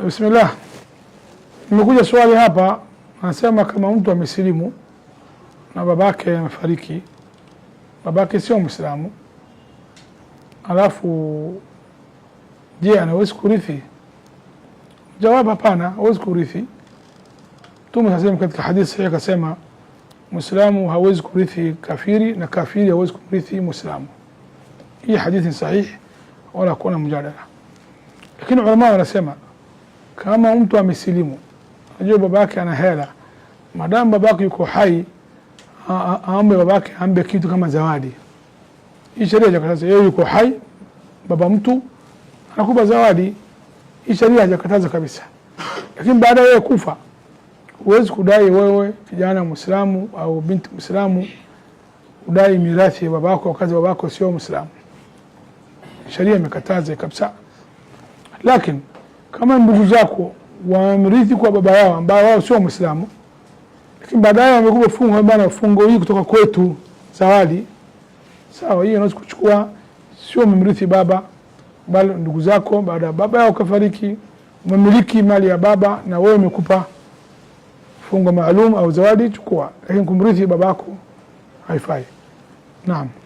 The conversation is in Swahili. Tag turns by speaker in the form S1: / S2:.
S1: Bismillah, nimekuja swali hapa, anasema kama mtu amesilimu na babake amefariki, babake sio Mwislamu, alafu je, anawezi kurithi? Jawab, hapana, hawezi kurithi. Mtume sasema katika hadithi sahihi akasema, Mwislamu hawezi kurithi kafiri na kafiri hawezi kurithi Mwislamu. Hii hadithi ni sahihi, wala hakuna mjadala, lakini ulama wanasema kama mtu amesilimu, najua babake ana hela, madamu babake yuko hai, aambe babake ambe kitu kama zawadi. Hii sheria hajakataza, yeye yuko hai, baba mtu anakupa zawadi. Hii sheria hajakataza kabisa, lakini baada ya yeye kufa huwezi kudai wewe kijana Muislamu au binti Muislamu udai mirathi ya babako wakati babako sio Muislamu. Sheria imekataza kabisa, lakini kama ndugu zako wamrithi kwa baba yao ambao wao sio mwislamu lakini baadaye wamekupa fungo bana, fungo hii kutoka kwetu zawadi sawa, hiyo unaweza kuchukua, sio mmrithi baba, bali ndugu zako. Baada ya baba yao kafariki, umemiliki mali ya baba na wewe umekupa fungo maalum au zawadi, chukua, lakini kumrithi babako haifai. Naam.